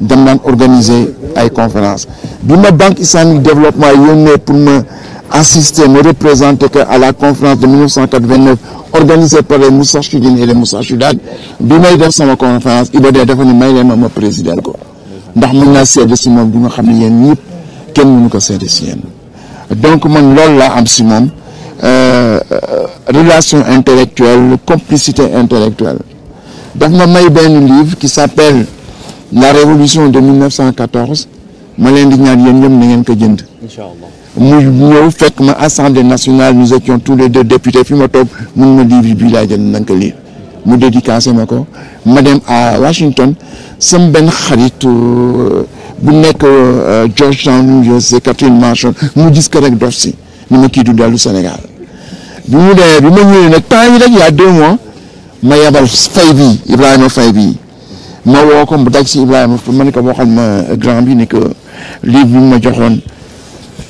dem daan organiser ay conférence bi ma banque islamique développement yónnee pour ma assister ma représenter que à la conférence de 1989 organisée par les Moustarchidines et les Moustarchidates bi may def sama conférence Iba dafa ne may leen ma ma président ko ndax mën naa seede si moom bi nga xam ne yéen ñëpp kenn mënu ko seede si donc man loolu laa am si moom euh, euh, relation intellectuelle complicité intellectuelle daf ma may benn livre qui s'appelle la révolution de 1914 ma leen di ñaan yéen ñoom na ngeen ko jënd. incha allah mu ñëw fekk ma assemblée nationale nous étions tous les deux députés fi ma toog mun ma livre bii laa jënd na nga ko lire mu dédicacé ma ko ma dem a Washington sam benn xarit euh, bu nekk euh, Georgetown University Catherine Marshall mu gis ko rek dof si ni ma kii du dellu Sénégal bi mu demee bi ma ñëwee nag temps yi rek y a deux mois ma yebal fay bii Ibrahima fay bii. ma woo ko mu daj si Ibrahima ma ne ko waxal ma grand bi ne que livre bi ma joxoon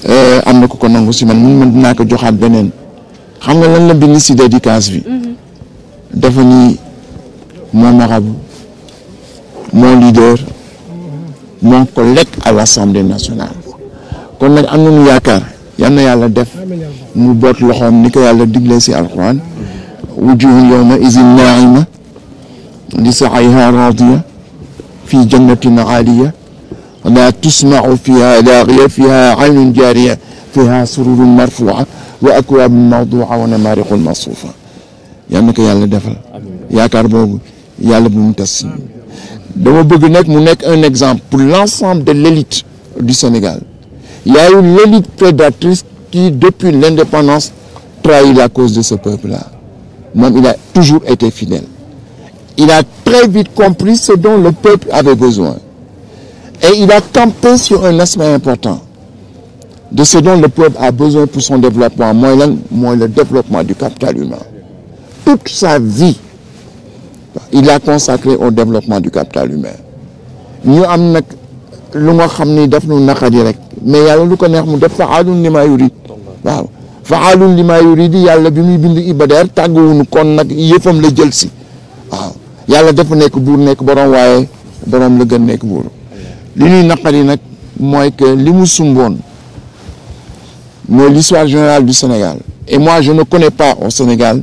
eh, am na ko ko nangu si man mun man dinaa ko joxaat beneen xam nga lan la bind si dédicace bi mhm. dafa ni mon marabout mon leader mon collègue à l'Assemblée nationale kon nag am nañu yaakaar yal na yàlla def mu boot loxoom ni ko yàlla digle si alxuraan wujuhun yawma izin naa'ima li sa'yiha raadiya في جنة عالية لا تسمع فيها لاغية فيها عين جارية فيها سرور مرفوعة وأكواب موضوعة ونمارق مصفوفة yal na ko yàlla defal yaakaar boobu yàlla bu mu tas dama bëgg nag mu nekk un exemple pour l'ensemble de l'élite du Sénégal il y a eu l'élite prédatrice qui depuis l'indépendance trahit la cause de ce peuple-là moom il a toujours été fidèle il a très vite compris ce dont le peuple avait besoin. Et il a campé sur un aspect important de ce dont le peuple a besoin pour son développement, mooy lan mooy le développement du capital humain. Toute sa vie, il l'a consacré au développement du capital humain. ñu am nag lu nga xam ni daf nu naqari rek mais yàlla lu ko neex mu def fa'aalun limaa yuriid waaw fa'aalun limaa yuriid yàlla bi muy bind Iba Der tàgguwunu kon nag la jël si yàlla dafa nekk buur nekk borom waaye borom la nekk buur li ñuy naqari nag mooy que li mu sumboon mooy l'histoire générale du Sénégal et moi je ne connais pas au Sénégal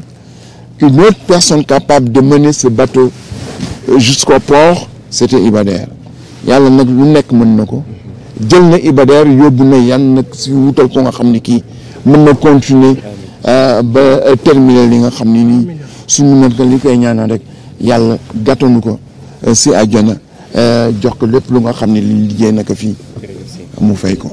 une autre personne capable de mener ce bateau jusqu'au port c'était Ibader yàlla nag lu nekk mën na ko jël na Ibader yóbbu na yan nag si wutal ko nga xam ni kii mën na continuer euh, ba terminer li nga xam ni nii suñu nag li koy ñaanal rek yàlla gàttanu ko euh, si àjjana euh, jox ko lépp lu nga xam ni li liggéey na ko fii mu fay ko.